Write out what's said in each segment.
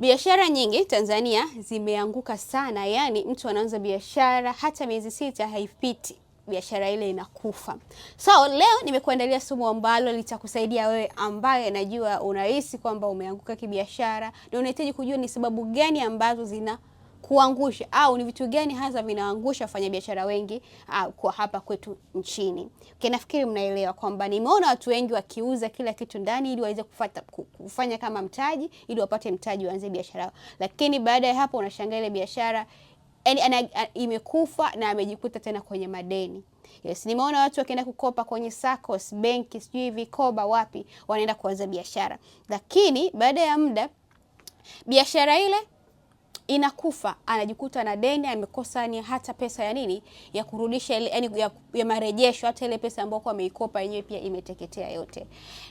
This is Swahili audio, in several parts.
Biashara nyingi Tanzania zimeanguka sana, yaani mtu anaanza biashara hata miezi sita haipiti biashara ile inakufa. So leo nimekuandalia somo ambalo litakusaidia wewe ambaye najua unahisi kwamba umeanguka kibiashara na unahitaji kujua ni sababu gani ambazo zina kuangusha au ni vitu gani hasa vinaangusha wafanyabiashara wengi au, ah, kwa hapa kwetu nchini. Okay, nafikiri mnaelewa kwamba nimeona watu wengi wakiuza kila kitu ndani ili waweze kufata, kufanya kama mtaji ili wapate mtaji waanze biashara, yao, lakini baada ya hapo unashangaa ile biashara yani imekufa na amejikuta tena kwenye madeni. Yes, nimeona watu wakienda kukopa kwenye SACCOS, benki, sijui vikoba wapi, wanaenda kuanza biashara, lakini baada ya muda biashara ile inakufa, anajikuta na deni, amekosa ni hata pesa ya nini ya kurudisha yani ya, ya marejesho, hata ile pesa ambayo kwa ameikopa yenyewe pia imeteketea yote.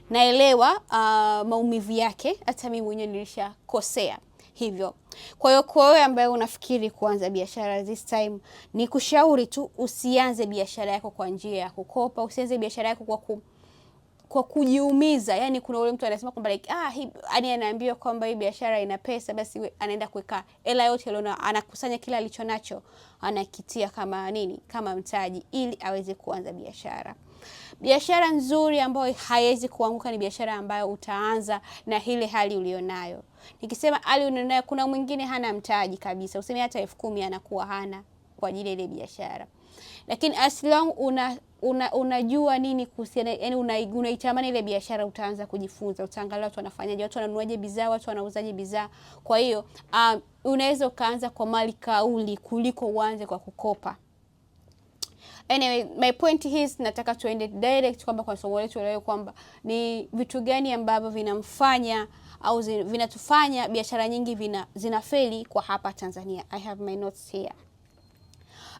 Naelewa uh, maumivu yake, hata mimi mwenyewe nilishakosea hivyo. Kwa hiyo kwa wewe ambaye unafikiri kuanza biashara this time, ni kushauri tu usianze biashara yako kwa njia ya kukopa, usianze biashara yako kwa ku kwa kujiumiza. Yani kuna ule mtu anasema kwamba like, ah, yani anaambiwa kwamba hii biashara ina pesa, basi anaenda kuweka hela yote aliona, anakusanya kila alicho nacho, anakitia kama nini, kama mtaji, ili aweze kuanza biashara. Biashara nzuri ambayo haiwezi kuanguka ni biashara ambayo utaanza na ile hali ulionayo. Nikisema hali ulionayo, kuna mwingine hana mtaji kabisa, useme hata elfu kumi anakuwa hana kwa ajili ya ile biashara, lakini as long una una, unajua nini kuhusiana, yani unaitamani ile biashara, utaanza kujifunza, utaangalia watu wanafanyaje, watu wananunuaje bidhaa, watu wanauzaje bidhaa. Kwa hiyo um, unaweza ukaanza kwa mali kauli kuliko uanze kwa kukopa. Anyway, my point is nataka tuende direct kwamba kwa somo letu leo kwamba ni vitu gani ambavyo vinamfanya au vinatufanya biashara nyingi vina, zinafeli kwa hapa Tanzania. I have my notes here.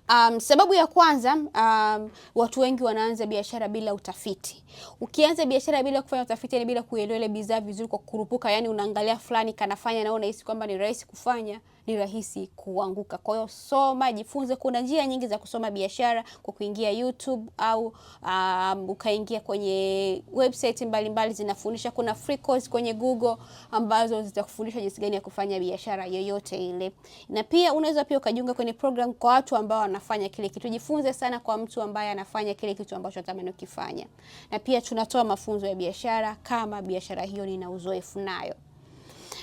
Um, sababu ya kwanza um, watu wengi wanaanza biashara bila utafiti. Ukianza biashara bila kufanya utafiti, yani bila kuelewa ile bidhaa vizuri, kwa kurupuka, yani unaangalia fulani kanafanya na unahisi kwamba ni rahisi kufanya ni rahisi kuanguka. Kwa hiyo soma, jifunze. Kuna njia nyingi za kusoma biashara kwa kuingia YouTube au um, ukaingia kwenye website mbalimbali zinafundisha. Kuna free course kwenye Google ambazo zitakufundisha jinsi gani ya kufanya biashara yoyote ile, na pia unaweza pia ukajiunga kwenye program kwa watu ambao wanafanya kile kitu. Jifunze sana kwa mtu ambaye anafanya kile kitu ambacho unatamani kufanya, na pia tunatoa mafunzo ya biashara kama biashara hiyo nina uzoefu nayo.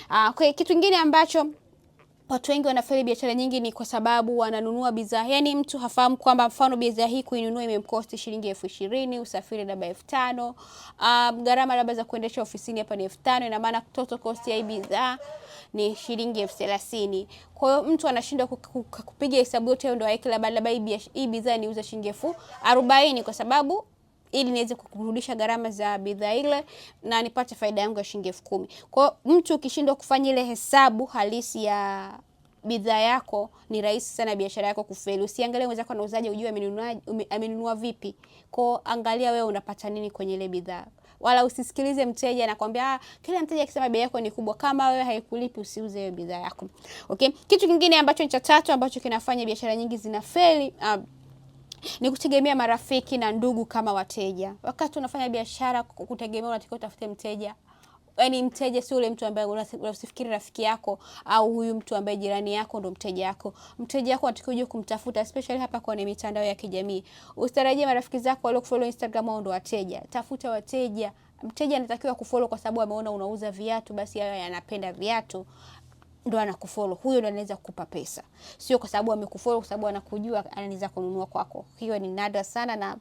Ah, kwa kitu kingine ambacho Watu wengi wanafeli biashara nyingi ni kwa sababu wananunua bidhaa, yani mtu hafahamu kwamba mfano bidhaa hii kuinunua imemkosti shilingi elfu ishirini, usafiri labda elfu tano, um, gharama labda za kuendesha ofisini hapa ni elfu tano. Ina maana total cost ya hii bidhaa ni shilingi elfu thelathini. Kwa hiyo mtu anashindwa kupiga hesabu yote hiyo, ndio aweke labda hii bidhaa niuza shilingi elfu arobaini kwa sababu ili niweze kurudisha gharama za bidhaa ile na nipate faida yangu ya shilingi elfu kumi. Kwa hiyo mtu ukishindwa kufanya ile hesabu halisi ya bidhaa yako, ni rahisi sana biashara yako kufeli. Usiangalie mwenzako anauzaje, ujue amenunua vipi. Kwao angalia wewe unapata nini kwenye ile bidhaa, wala usisikilize mteja anakwambia ah, kila mteja akisema bei yako ni kubwa. Kama wewe haikulipi, usiuze hiyo bidhaa yako. Okay, kitu kingine ambacho ni cha tatu ambacho kinafanya biashara nyingi zinafeli uh, ni kutegemea marafiki na ndugu kama wateja. Wakati unafanya biashara, kutegemea, unatakiwa utafute mteja Yani, mteja si ule mtu ambaye unasifikiri rafiki yako au huyu mtu ambaye jirani yako ndo mteja yako. Mteja wako unatakiwa ujue kumtafuta, especially hapa kwenye mitandao ya kijamii. Usitarajie marafiki zako walio waliokufollow Instagram au ndo wateja. Tafuta wateja. Mteja anatakiwa kufollow kwa sababu ameona unauza viatu, basi yeye yanapenda viatu ndo anakufollow huyo, ndo anaweza kukupa pesa, sio kwa sababu amekufollow, kwa sababu anakujua, anaweza kununua kwako. Hiyo ni nadra sana, na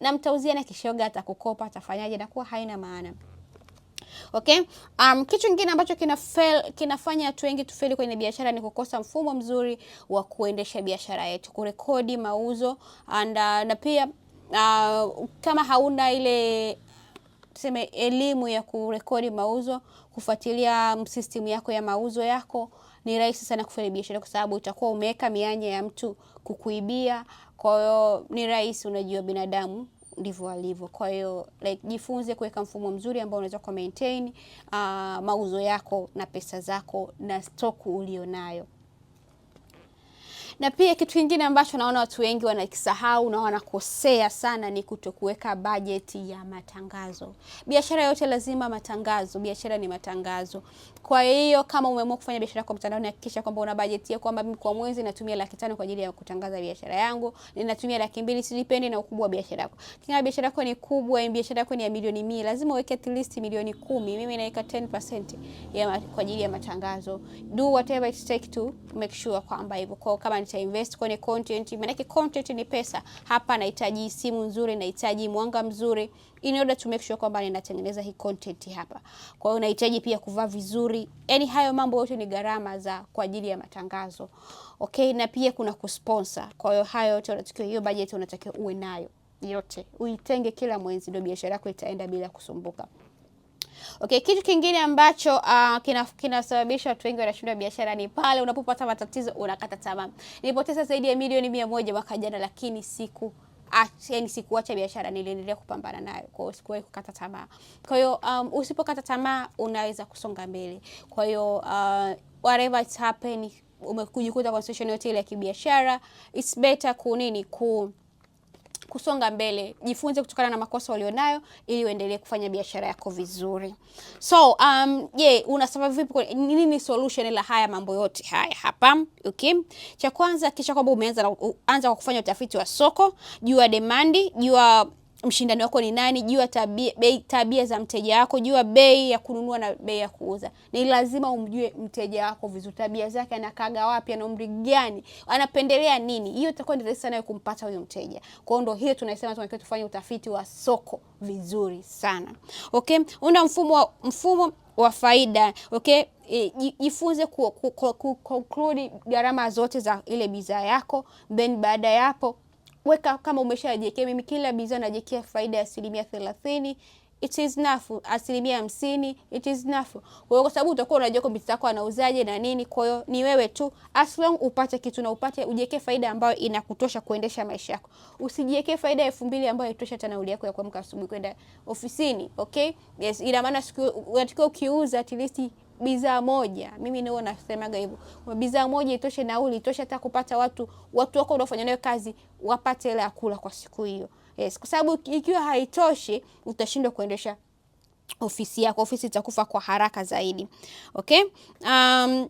na mtauzia na kishoga, atakukopa atafanyaje, na kuwa haina maana. Okay, um, kitu kingine ambacho kina fail, kinafanya watu wengi tufeli kwenye biashara ni kukosa mfumo mzuri wa kuendesha biashara yetu, kurekodi mauzo and, uh, na pia uh, kama hauna ile tuseme elimu ya kurekodi mauzo, kufuatilia um, system yako ya mauzo yako, ni rahisi sana kufanya biashara kwa sababu utakuwa umeweka mianya ya mtu kukuibia. Kwa hiyo ni rahisi, unajua binadamu ndivyo alivyo. Kwa hiyo like, jifunze kuweka mfumo mzuri ambao unaweza ku maintain uh, mauzo yako na pesa zako na stoku ulionayo. Na pia kitu kingine ambacho naona watu wengi wanakisahau na wanakosea sana ni kutokuweka bajeti ya matangazo. Biashara yote lazima matangazo, biashara ni matangazo. Kwa hiyo kama umeamua kufanya biashara kwa mtandaoni, hakikisha kwamba una bajeti ya kwamba mimi kwa mwezi natumia laki tano kwa ajili ya kutangaza biashara yangu, ninatumia laki mbili sijipendi na ukubwa wa biashara yako. Kama biashara yako ni kubwa, biashara yako ni ya milioni 100, lazima uweke at least milioni kumi. Mimi naweka 10% ya kwa ajili ya matangazo. Do whatever it take to make sure kwamba hivyo. Kwa kama nita invest kwenye content, maanake content ni pesa. Hapa nahitaji simu nzuri, nahitaji mwanga mzuri, in order to make sure kwamba ninatengeneza hii content hapa. Kwa hiyo nahitaji pia kuvaa vizuri, yani hayo mambo yote ni gharama za kwa ajili ya matangazo okay, na pia kuna kusponsor. Kwa hiyo hayo yote unatakiwa, hiyo budget unatakiwa uwe nayo yote, uitenge kila mwezi, ndio biashara yako itaenda bila kusumbuka. Okay, kitu kingine ambacho uh, kinasababisha watu wengi wanashindwa biashara ni pale unapopata matatizo unakata tamaa. Nilipoteza zaidi ya milioni mia moja mwaka jana, lakini siku yaani sikuacha biashara, niliendelea kupambana nayo, kwa hiyo sikuwahi kukata tamaa. Kwa hiyo um, usipokata tamaa unaweza kusonga mbele. Kwa hiyo uh, whatever it's happening umekujikuta kwa situation yote ile ya kibiashara, it's better kunini ku kusonga mbele, jifunze kutokana na makosa walionayo ili uendelee kufanya biashara yako vizuri. So um, je, yeah, una survive vipi? Nini solution la haya mambo yote haya hapa? Okay, cha kwanza kisha kwamba umeanza anza kwa kufanya utafiti wa soko, jua demandi, jua mshindani wako ni nani, jua tabia, bei, tabia za mteja wako, jua bei ya kununua na bei ya kuuza. Ni lazima umjue mteja wako vizuri, tabia zake, anakaga wapi, ana umri gani, anapendelea nini. Hiyo itakuwa ni rahisi sana kumpata huyo mteja. Kwa hiyo ndio hiyo tunasema tunatakiwa tufanye utafiti wa soko vizuri sana. Okay, una mfumo wa, mfumo wa faida okay. E, jifunze ku, ku, ku, ku conclude gharama zote za ile bidhaa yako, then baada ya hapo weka kama umeshajiwekea, mimi kila bidhaa najiwekea faida ya asilimia thelathini it is enough, asilimia hamsini it is enough. Kwa sababu utakuwa unajua kwa bidhaa yako anauzaje na nini, kwa hiyo ni wewe tu, as long upate kitu na upate ujiwekee faida ambayo inakutosha kuendesha maisha yako. Usijiwekee faida ya 2000 ambayo haitosha hata nauli yako ya kuamka asubuhi kwenda ofisini. Okay, yes, ina maana siku unatakiwa ukiuza at least bidhaa moja, mimi ndio nasemaga hivyo, bidhaa moja itoshe nauli, itoshe hata kupata watu watu wako unaofanya nayo kazi wapate hela ya kula kwa siku hiyo. Yes, kwa sababu ikiwa haitoshi utashindwa kuendesha ofisi yako, ofisi itakufa kwa haraka zaidi. Okay, um,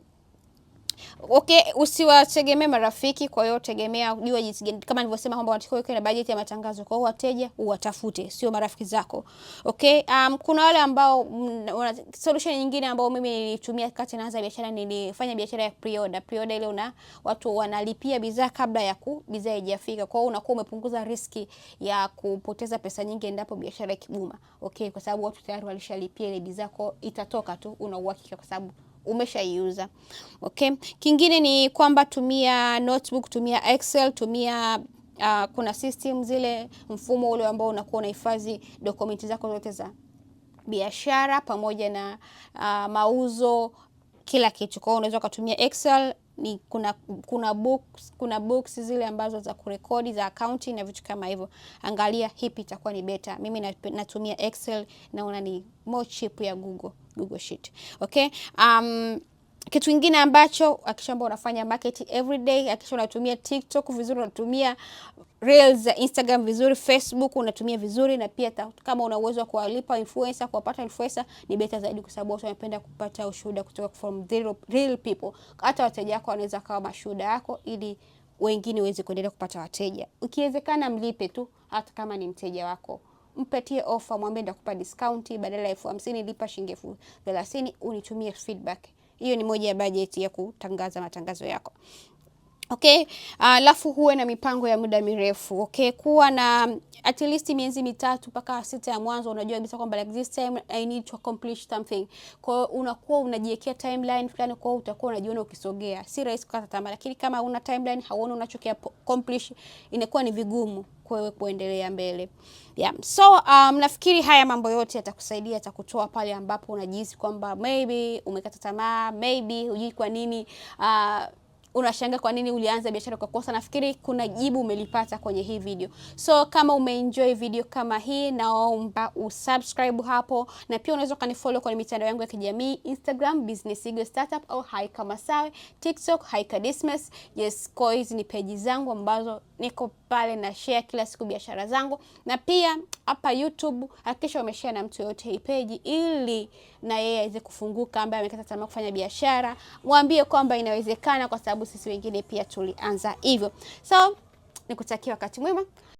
Okay, usiwategemee marafiki. Kwa hiyo tegemea, jua jinsi gani, kama nilivyosema kwamba unatakiwa uwe na bajeti ya matangazo. Kwa hiyo wateja uwatafute, sio marafiki zako. Okay, um, kuna wale ambao una, mm, solution nyingine ambayo mimi nilitumia kati naanza biashara, nilifanya biashara ya pre-order. Pre-order ile una watu wanalipia bidhaa kabla ya ku bidhaa haijafika. Kwa hiyo unakuwa umepunguza riski ya kupoteza pesa nyingi endapo biashara ikiguma. Okay, kwa sababu watu tayari walishalipia ile bidhaa, kwa itatoka tu, una uhakika kwa sababu umeshaiuza. Okay, kingine ni kwamba tumia notebook, tumia Excel, tumia uh, kuna system zile, mfumo ule ambao unakuwa unahifadhi dokumenti zako zote za biashara pamoja na uh, mauzo, kila kitu. Kwa hiyo unaweza ukatumia Excel ni kuna kuna books, kuna books zile ambazo za kurekodi za akaunti na vitu kama hivyo. Angalia hipi itakuwa ni beta. Mimi natumia Excel naona ni more cheap ya Google. Google Sheet. Okay? Um, kitu kingine ambacho akishamba unafanya unafanya every day, akisha unatumia TikTok vizuri, unatumia reels za Instagram vizuri, Facebook unatumia vizuri, na pia kama una uwezo wa kuwalipa influencer, kuwapata influencer ni beta zaidi, kwa sababu watu wanapenda kupata ushuhuda kutoka from real people. Hata wateja wako wanaweza kawa mashuhuda yako, ili wengine waweze kuendelea kupata wateja. Ukiwezekana mlipe tu, hata kama ni mteja wako. Mpatie ofa, mwambie ndakupa discount, badala ya elfu hamsini lipa shilingi elfu thelathini. Unitumie feedback. Hiyo ni moja ya bajeti ya kutangaza matangazo yako. Okay, alafu uh, huwe na mipango ya muda mirefu. Okay, kuwa na at least miezi mitatu mpaka sita ya mwanzo, unajua kabisa kwamba like this time I need to accomplish something. Kwa hiyo unakuwa unajiwekea timeline fulani, kwa hiyo utakuwa unajiona ukisogea. Si rahisi kukata tamaa, lakini kama una timeline, hauoni unachokia accomplish, inakuwa ni vigumu kwewe kuendelea mbele. Yeah. So um, nafikiri haya mambo yote yatakusaidia, yatakutoa pale ambapo unajihisi kwamba maybe umekata tamaa, maybe hujui kwa nini uh, unashanga kwa nini ulianza biashara kwa kosa. Nafikiri kuna jibu umelipata kwenye hii video. So kama umeenjoy video kama hii, naomba usubscribe hapo, na pia unaweza ukanifollow kwenye mitandao yangu ya kijamii Instagram, Business Eagle Startup au Haika Masawe, TikTok Haika Dismas. Yes, kwa hizi ni peji zangu ambazo niko pale na share kila siku biashara zangu, na pia hapa YouTube hakikisha umeshare na mtu yoyote hii peji ili na yeye aweze kufunguka, ambaye amekata tamaa kufanya biashara, mwambie kwamba inawezekana, kwa sababu sisi wengine pia tulianza hivyo. So nikutakia wakati mwema.